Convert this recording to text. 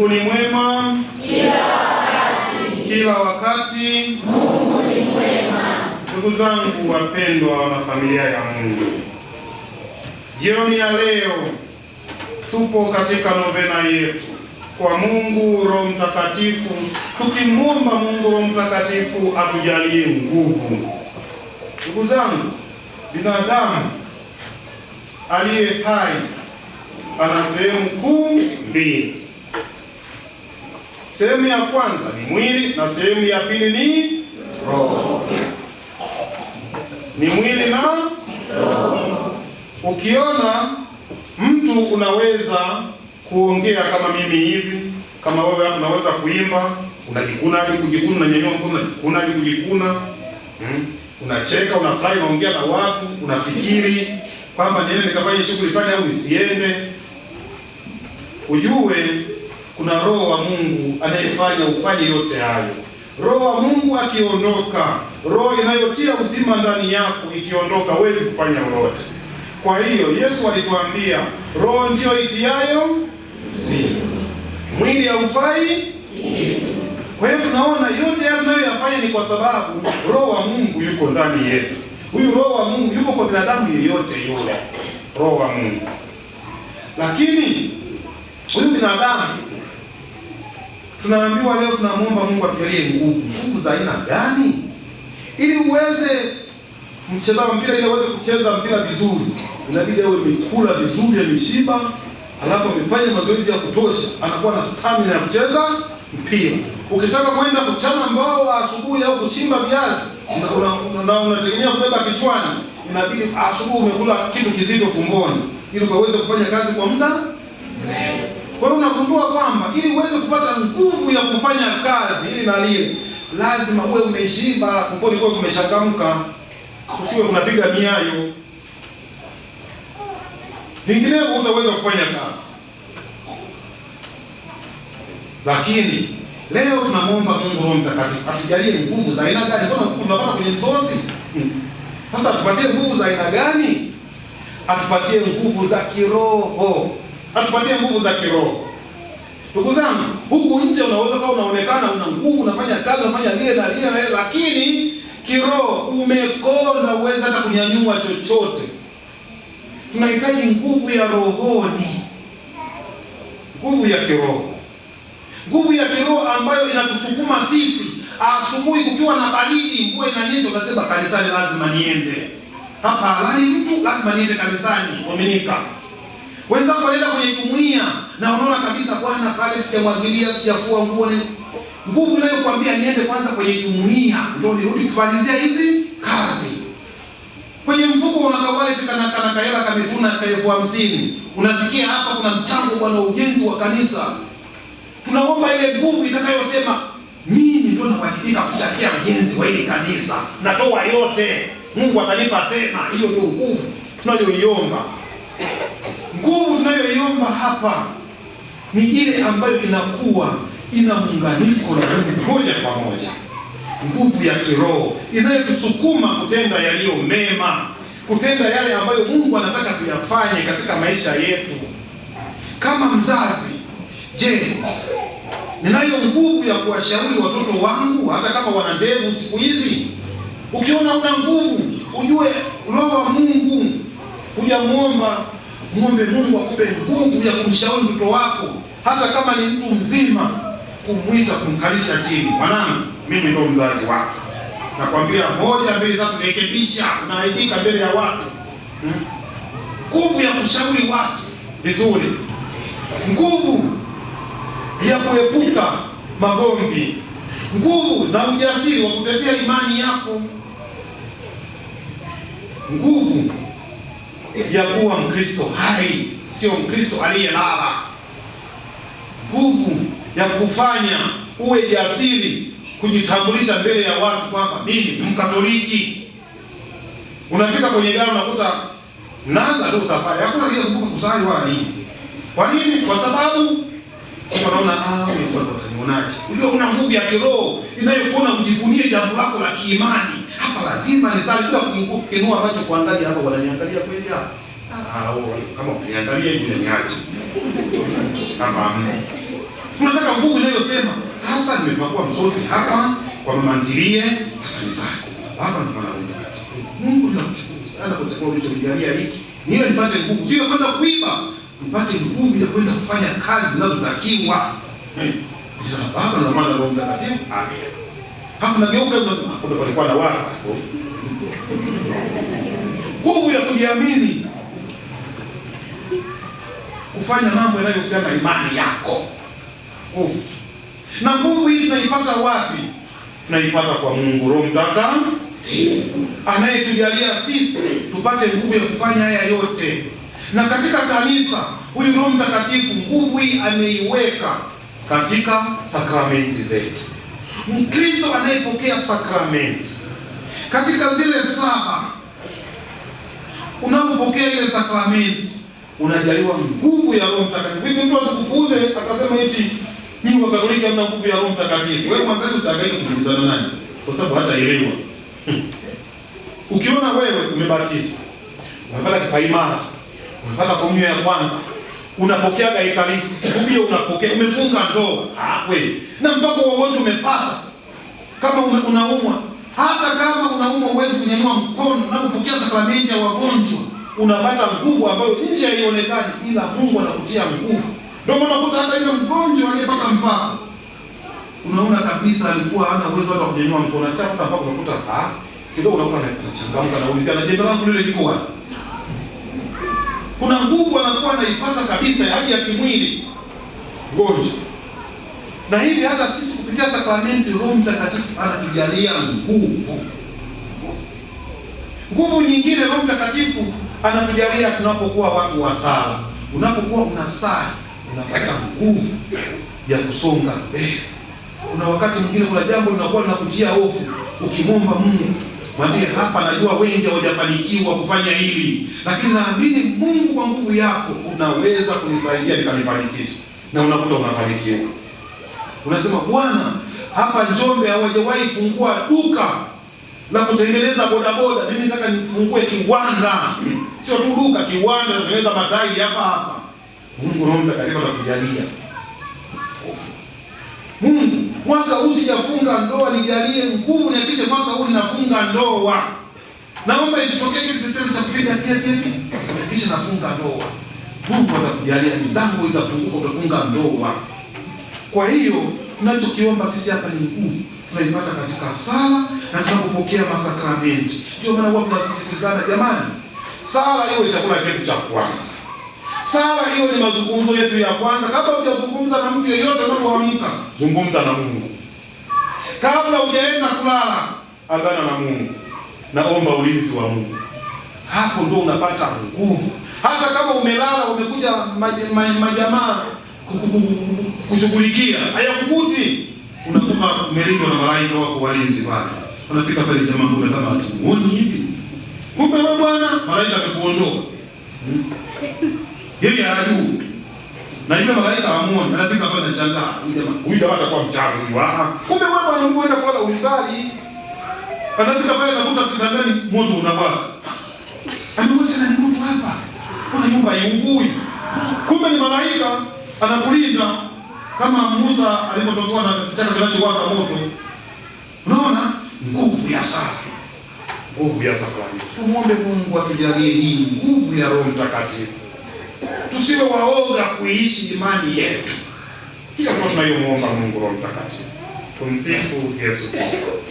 Mungu ni mwema kila wakati, kila wakati. Mungu ni mwema. Ndugu zangu wapendwa, na familia ya Mungu, jioni ya leo tupo katika novena yetu kwa Mungu Roho Mtakatifu, tukimwomba Mungu Roho Mtakatifu atujalie nguvu. Ndugu zangu, binadamu aliye hai ana sehemu kuu mbili Sehemu ya kwanza ni mwili na sehemu ya pili ni roho. Ni mwili na roho. Ukiona mtu unaweza kuongea kama mimi hivi, kama wewe unaweza kuimba, unajikuna hadi kujikuna, unanyanyua mkono, unajikuna hadi kujikuna. Hmm? Unacheka, unafurahi, unaongea na watu, unafikiri kwamba niende nikafanye shughuli fulani au nisiende. Ujue kuna roho wa Mungu anayefanya ufanye yote hayo. Roho wa Mungu akiondoka, roho inayotia uzima ndani yako ikiondoka, huwezi kufanya lolote. Kwa hiyo Yesu alituambia roho ndiyo itiayo uzima, mwili haufai kitu. Kwa hiyo tunaona yote haya tunayoyafanya ni kwa sababu roho wa Mungu yuko ndani yetu. Huyu roho wa Mungu yuko kwa binadamu yeyote yule, roho wa Mungu. Lakini huyu binadamu Tunaambiwa leo, tunamwomba Mungu atujalie nguvu. Nguvu za aina gani? Ili uweze mcheza mpira, ili uweze kucheza mpira vizuri, inabidi awe mikula vizuri, ya ameshiba, alafu amefanya mazoezi ya kutosha, anakuwa na stamina ya kucheza mpira. Ukitaka kwenda kuchana mbao asubuhi au kuchimba viazi na unategemea kubeba kichwani, inabidi asubuhi umekula kitu kizito tumboni, ili ukaweze kufanya kazi kwa muda. Kwa hiyo unagundua kwamba siku ya kufanya kazi ili na lile, lazima uwe umeshiba, kuponi kuwe kumechangamka, usiwe unapiga miayo, vinginevyo hutaweza kufanya kazi. Lakini leo tunamwomba Mungu Roho Mtakatifu atujalie nguvu za aina gani? Mbona tunapata kwenye msosi sasa? Atupatie nguvu za aina gani? Atupatie nguvu za kiroho, atupatie nguvu za kiroho. Ndugu zangu, huku nje unaweza kama unaonekana una nguvu, unafanya kazi, unafanya lile na lile na lile, lakini kiroho umekonda, uweza hata kunyanyua chochote. Tunahitaji nguvu ya rohoni, nguvu ya kiroho, nguvu ya kiroho ambayo inatusukuma sisi. Asubuhi kukiwa na baridi, mvua inanyesha, unasema kanisani lazima niende, hapa halali mtu, lazima niende kanisani, aminika Wenzako walienda kwenye jumuiya na unaona kabisa, bwana, pale sijamwagilia, sijafua nguo. Ni Nguvu inayokuambia niende kwanza kwenye jumuiya ndio nirudi kufanyizia hizi kazi. Kwenye mfuko unakawale wale tukana kana kaela ka elfu hamsini. Unasikia hapa kuna mchango bwana, ujenzi wa kanisa. Tunaomba ile nguvu itakayosema mimi ndio nawajibika kuchangia ujenzi wa ile kanisa. Natoa yote. Mungu atalipa tena. Hiyo ndio nguvu tunayoiomba hapa ni ile ambayo inakuwa ina muunganiko na Mungu moja kwa moja, nguvu ya kiroho inayotusukuma kutenda yaliyo mema, kutenda yale ambayo Mungu anataka tuyafanye katika maisha yetu. Kama mzazi, je, ninayo nguvu ya kuwashauri watoto wangu hata kama wana ndevu siku hizi? Ukiona una nguvu, ujue roho wa Mungu, hujamwomba Muombe Mungu akupe nguvu ya kumshauri mtoto wako, hata kama ni mtu mzima, kumwita, kumkalisha chini, mwanangu, mimi ndo mzazi wako, nakwambia moja, mbili, tatu, rekebisha, naaibika mbele ya watu. Hmm? Nguvu hmm, ya kushauri watu vizuri, nguvu ya kuepuka magomvi, nguvu na ujasiri wa kutetea imani yako, nguvu ya kuwa Mkristo hai, sio Mkristo aliyelala. Nguvu ya kufanya uwe jasiri kujitambulisha mbele ya watu kwamba mimi ni Mkatoliki. Unafika kwenye gari unakuta naanza tu safari, hakuna ile kukumbuka kusali wala nini. Kwa nini? Kwa sababu unaona ah, wewe ndio utanionaje? Unajua kuna nguvu ya kiroho inayokuona ujivunie jambo lako la kiimani lazima nisali bila kuinua macho kuangalia hapo, wananiangalia kweli hapo. Ah, ah kama ukiniangalia hivi niache. Kama amne. tunataka nguvu inayosema sasa, nimepakua msosi hapa kwa mama ntilie, sasa ni zako Baba na Mwana na Mtakatifu. Mungu nakushukuru sana kwa chakula ulichonijalia hiki. Niwe nipate nguvu, sio kwenda kuiba, nipate nguvu ya kwenda kufanya kazi zinazotakiwa. Eh. Baba na Mwana na Mtakatifu. Amen. Hapo nageuka tunasema kumbe palikuwa na watu. Nguvu ya kujiamini. Kufanya mambo yanayohusiana na imani yako. Nguvu. Na nguvu hii tunaipata wapi? Tunaipata kwa Mungu Roho Mtakatifu anayetujalia sisi tupate nguvu ya kufanya haya yote. Na katika kanisa huyu Roho Mtakatifu nguvu hii ameiweka katika sakramenti zetu. Mkristo anayepokea sakramenti katika zile saba, unapopokea ile sakramenti unajaliwa nguvu ya Roho Mtakatifu. Hivi mtu asikupuuze akasema eti ni wa Katoliki hamna nguvu ya Roho Mtakatifu. Wewe mwangalie, usihangaike kujibizana naye kwa sababu elewa. Ukiona wewe umebatizwa, umepata kipaimara, umepata komunio ya kwanza unapokea ekaristi, kumbia, unapokea, umefunga ndoo ah, kweli na mpaka wagonjwa umepata. Kama unaumwa, hata kama unaumwa uwezi kunyanyua mkono, unapopokea sakramenti ya wagonjwa unapata nguvu ambayo nje haionekani, ila Mungu anakutia nguvu. Ndio maana unakuta hata yule mgonjwa aliyepata mpaka unaona kabisa alikuwa hana uwezo hata kunyanyua mkono, acha mpaka unakuta ah, kidogo unakuwa na naulizia na jembe langu lile liko wapi? kuna nguvu anakuwa anaipata kabisa hali ya kimwili gonjwa. Na hivi hata sisi kupitia sakramenti Roho Mtakatifu anatujalia nguvu, nguvu nyingine Roho Mtakatifu anatujalia tunapokuwa watu wa sala. Unapokuwa una sala unapata nguvu ya kusonga mbele. Kuna wakati mwingine kuna jambo linakuwa linakutia hofu, ukimwomba Mungu Mwambie hapa, najua wengi hawajafanikiwa kufanya hili, lakini naamini Mungu kwa nguvu yako unaweza kunisaidia nikalifanikisha, na unakuta unafanikiwa. Unasema, Bwana, hapa Njombe hawajawahi fungua duka la kutengeneza bodaboda, mimi nataka nifungue kiwanda, sio tu duka, kiwanda kutengeneza matairi hapa hapa. Mungu Roho na kujalia Mungu mwaka huu sijafunga ndoa, nijalie nguvu niakishe mwaka huu ninafunga ndoa. Naomba isitokee kitu chochote cha kupiga kiakiaki, kisha nafunga ndoa. Mungu atakujalia, milango itafunguka, utafunga ndoa. Kwa hiyo tunachokiomba sisi hapa ni nguvu tunaipata katika sala na tunapopokea masakramenti. Ndio maana huwa tunasisitizana, jamani, sala iwe chakula chetu cha kwanza. Sala hiyo ni mazungumzo yetu ya kwanza. Kabla hujazungumza na mtu yeyote unapoamka, zungumza na Mungu. Kabla hujaenda kulala, agana na Mungu, naomba ulinzi wa Mungu. Hapo ndio unapata nguvu, hata kama umelala, umekuja majamaa kushughulikia hayakukuti, unakuwa umelindwa na malaika wako walinzi pale. Unafika pale, jamaa kuna kama hatumuoni hivi, kumbe wewe bwana, malaika amekuondoa. Hmm? Eh, yeye anajua. Na yule malaika amuone, anafika hapa anashangaa, huyu jamaa, huyu jamaa atakuwa mchawi huyu. Ah, kumbe wewe bwana ungeenda kwa ulisali. Anafika pale anakuta kitandani moto unawaka. Anawacha na moto hapa. Kuna nyumba iungui. Kumbe ni malaika anakulinda kama Musa alipotokewa na kichaka kinachowaka moto. Unaona? Nguvu ya sala. Nguvu ya sala. Tumuombe Mungu atujalie hii nguvu ya Roho Mtakatifu tusiwe waoga kuishi imani yetu. Kila kwa tunayomwomba Mungu Roho Mtakatifu. Tumsifu Yesu Kristo.